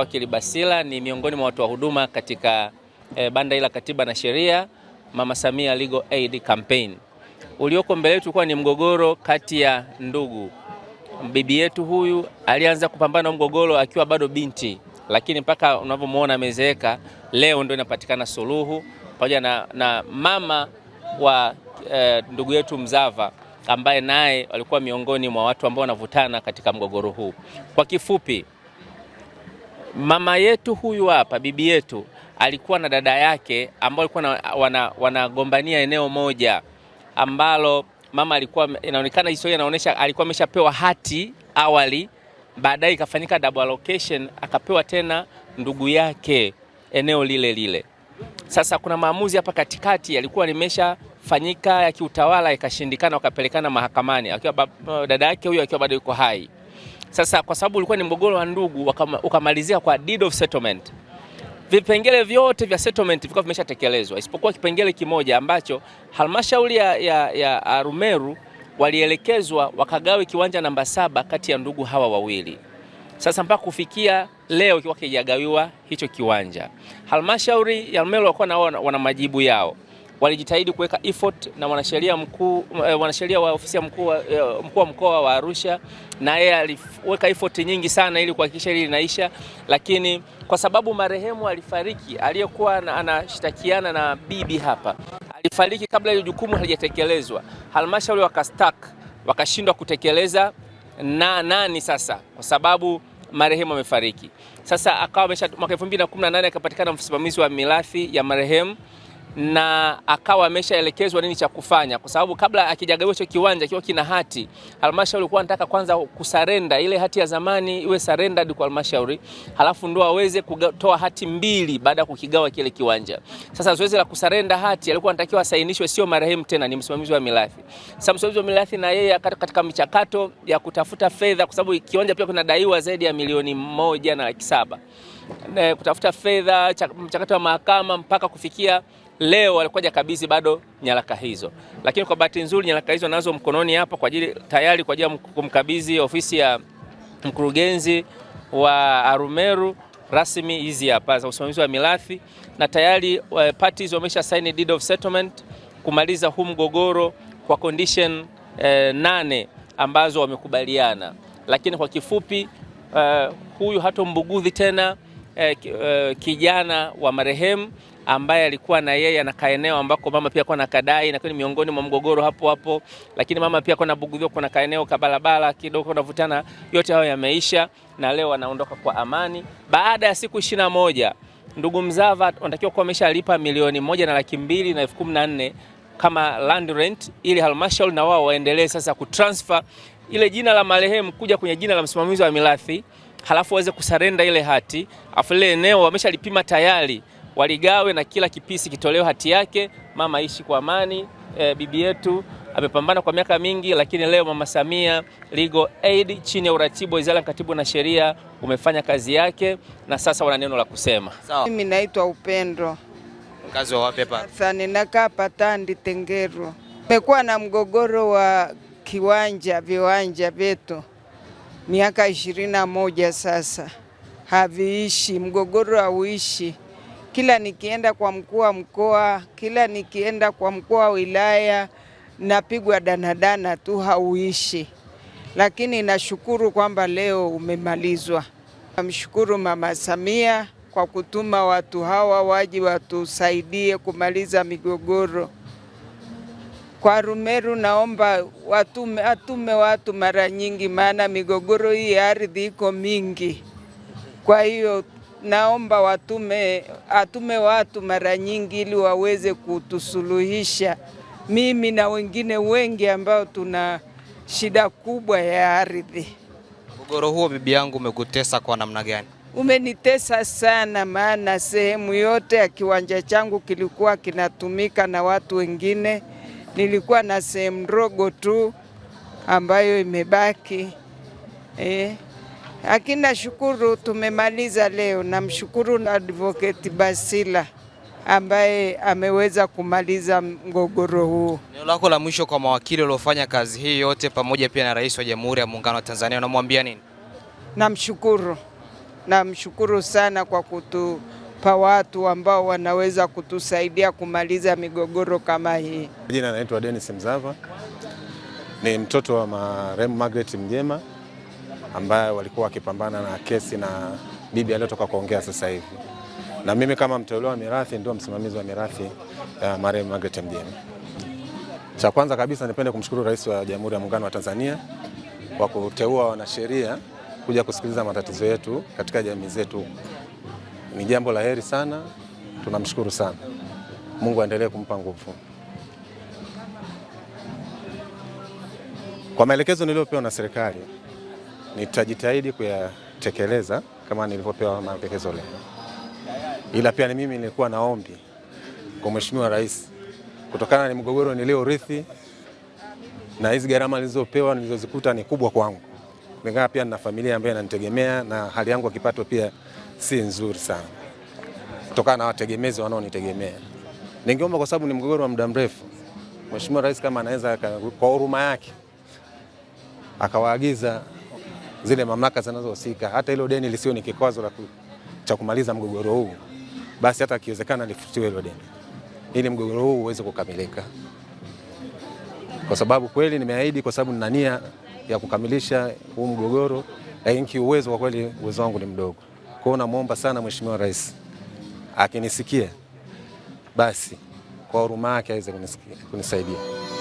Wakili Basila ni miongoni mwa watu wa huduma katika e, banda la katiba na sheria, Mama Samia Legal Aid Campaign. Ulioko mbele yetu ni mgogoro kati ya ndugu. Bibi yetu huyu alianza kupambana na mgogoro akiwa bado binti, lakini mpaka unavyomwona amezeeka leo ndio inapatikana suluhu pamoja na, na mama wa e, ndugu yetu Mzava ambaye naye walikuwa miongoni mwa watu ambao wanavutana katika mgogoro huu. Kwa kifupi mama yetu huyu hapa, bibi yetu alikuwa na dada yake ambao alikuwa wanagombania wana eneo moja ambalo mama alikuwa, inaonekana historia inaonyesha alikuwa ameshapewa hati awali, baadaye ikafanyika double allocation, akapewa tena ndugu yake eneo lile lile. Sasa kuna maamuzi hapa katikati yalikuwa limeshafanyika ya kiutawala, ikashindikana, wakapelekana mahakamani, akiwa dada yake huyo akiwa bado yuko hai. Sasa kwa sababu ulikuwa ni mgogoro wa ndugu ukamalizia kwa deed of settlement. Vipengele vyote vya settlement vilikuwa vimeshatekelezwa isipokuwa kipengele kimoja ambacho halmashauri ya, ya, ya Arumeru walielekezwa wakagawe kiwanja namba saba kati ya ndugu hawa wawili. Sasa mpaka kufikia leo kiwa kijagawiwa hicho kiwanja, halmashauri ya Arumeru walikuwa na wana majibu yao walijitahidi kuweka effort na mwanasheria mkuu, eh, mwanasheria wa ofisi ya eh, mkuu wa mkoa wa Arusha, na yeye aliweka effort nyingi sana ili kuhakikisha hili linaisha, lakini kwa sababu marehemu alifariki, aliyekuwa anashtakiana na bibi hapa alifariki kabla ile jukumu halijatekelezwa, halmashauri wakastak, wakashindwa kutekeleza na nani sasa, kwa sababu marehemu amefariki. Sasa akawa mwaka 2018 akapatikana msimamizi wa mirathi ya marehemu na akawa ameshaelekezwa nini cha kufanya, kwa sababu kabla akijagawiwa hicho kiwanja kiwa kina hati, halmashauri ilikuwa anataka kwanza kusarenda ile hati ya zamani iwe surrendered kwa halmashauri, halafu ndo aweze kutoa hati mbili baada ya kukigawa kile kiwanja. Sasa zoezi la kusarenda hati alikuwa anatakiwa asainishwe, sio marehemu tena, ni msimamizi wa mirathi. Sasa msimamizi wa mirathi na yeye katika michakato ya kutafuta fedha, kwa sababu kiwanja pia kunadaiwa zaidi ya milioni moja na laki saba eh, kutafuta fedha, mchakato wa mahakama mpaka kufikia leo walikuja kabidhi bado nyaraka hizo, lakini kwa bahati nzuri nyaraka hizo nazo mkononi hapa kwa ajili tayari kwa ajili ya kumkabidhi ofisi ya mkurugenzi wa Arumeru rasmi hizi hapa za usimamizi wa mirathi, na tayari uh, parties wamesha sign deed of settlement kumaliza huu mgogoro kwa condition uh, nane ambazo wamekubaliana. Lakini kwa kifupi uh, huyu hato tena uh, kijana wa marehemu ambaye alikuwa na yeye ana kaeneo ambako mama pia kwa na kadai, na kwenye miongoni mwa mgogoro hapo hapo, lakini mama pia alikuwa anabughudhiwa, kuna kaeneo kabarabara kidogo kwa navutana, Yote hayo yameisha na leo wanaondoka kwa amani. Baada ya siku ishirini na moja ndugu Mzava wanatakiwa kuwa wameshalipa milioni moja na laki mbili na elfu kumi na nne kama land rent, ili halmashauri na wao waendelee sasa kutransfer ile jina la marehemu kuja kwenye jina la msimamizi wa mirathi, halafu waweze kusarenda ile hati, afu ile eneo wameshalipima tayari waligawe na kila kipisi kitolewe hati yake. Mama aishi kwa amani. E, bibi yetu amepambana kwa miaka mingi, lakini leo Mama Samia Legal Aid chini ya uratibu wa Wizara ya Katiba na Sheria umefanya kazi yake na sasa wana neno la kusema. Sawa. Mimi naitwa Upendo. Mkazi wa wapi hapa? Sasa ninakaa Patandi Tengeru. Umekuwa na mgogoro wa kiwanja viwanja vyetu miaka ishirini na moja sasa, haviishi mgogoro hauishi. Kila nikienda kwa mkuu wa mkoa, kila nikienda kwa mkuu wa wilaya, napigwa danadana tu, hauishi. Lakini nashukuru kwamba leo umemalizwa. Namshukuru Mama Samia kwa kutuma watu hawa waje watusaidie kumaliza migogoro kwa Rumeru. Naomba watume, atume watu mara nyingi, maana migogoro hii ya ardhi iko mingi, kwa hiyo naomba watume, atume watu mara nyingi ili waweze kutusuluhisha mimi na wengine wengi ambao tuna shida kubwa ya ardhi. Mgogoro huo bibi yangu umekutesa kwa namna gani? Umenitesa sana, maana sehemu yote ya kiwanja changu kilikuwa kinatumika na watu wengine, nilikuwa na sehemu ndogo tu ambayo imebaki eh. Lakini nashukuru tumemaliza leo. Namshukuru Advocate Basila ambaye ameweza kumaliza mgogoro huu Neno lako la mwisho kwa mawakili waliofanya kazi hii yote pamoja pia na Rais wa Jamhuri ya Muungano wa Tanzania unamwambia nini? Namshukuru, namshukuru sana kwa kutupa watu ambao wanaweza kutusaidia kumaliza migogoro kama hii. Jina naitwa Dennis Mzava, ni mtoto wa marehemu Margaret Mjema ambaye walikuwa wakipambana na kesi na bibi aliyotoka kuongea sasa hivi, na mimi kama mteuliwa wa mirathi ndio msimamizi wa mirathi ya marehemu Margaret Mjema. Cha kwanza kabisa nipende kumshukuru Rais wa Jamhuri ya Muungano wa Tanzania kwa kuteua wanasheria kuja kusikiliza matatizo yetu katika jamii zetu. Ni jambo la heri sana, tunamshukuru sana. Mungu aendelee kumpa nguvu. Kwa maelekezo niliyopewa na serikali nitajitahidi kuyatekeleza kama nilivyopewa maelekezo leo, ila pia ni mimi nilikuwa na ombi kwa Mheshimiwa Rais kutokana na mgogoro niliorithi na hizi gharama nilizopewa nilizozikuta ni kubwa kwangu, kulingana pia na familia ambayo inanitegemea na hali yangu ya kipato pia si nzuri sana, kutokana na wategemezi wanaonitegemea. Ningeomba kwa sababu ni mgogoro wa muda mrefu, Mheshimiwa Rais kama anaweza kwa huruma yake akawaagiza zile mamlaka zinazohusika, hata hilo deni lisio ni kikwazo cha kumaliza mgogoro huu, basi hata akiwezekana lifutiwe hilo deni ili mgogoro huu uweze kukamilika, kwa sababu kweli nimeahidi, kwa sababu nina nia ya kukamilisha huu mgogoro, lakini kiuwezo, kwa kweli uwezo wangu ni mdogo. Kwa hiyo namwomba sana Mheshimiwa Rais akinisikia, basi kwa huruma yake aweze kunisaidia.